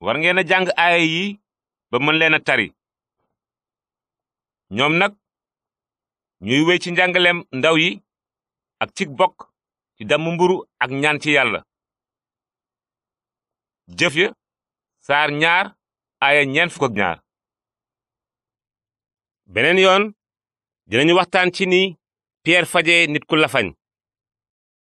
war ngeen a jàng aaya yi ba mën leen a tari ñoom nag ñuy wéy ci njàngaleem ndaw yi ak cig bokk ci damm mburu ak ñaan ci yàlla jëf ya saar ñaar aaya ñeent fukk ñaar beneen yoon dinañu waxtaan ci ni Pierre faje nit ku lafañ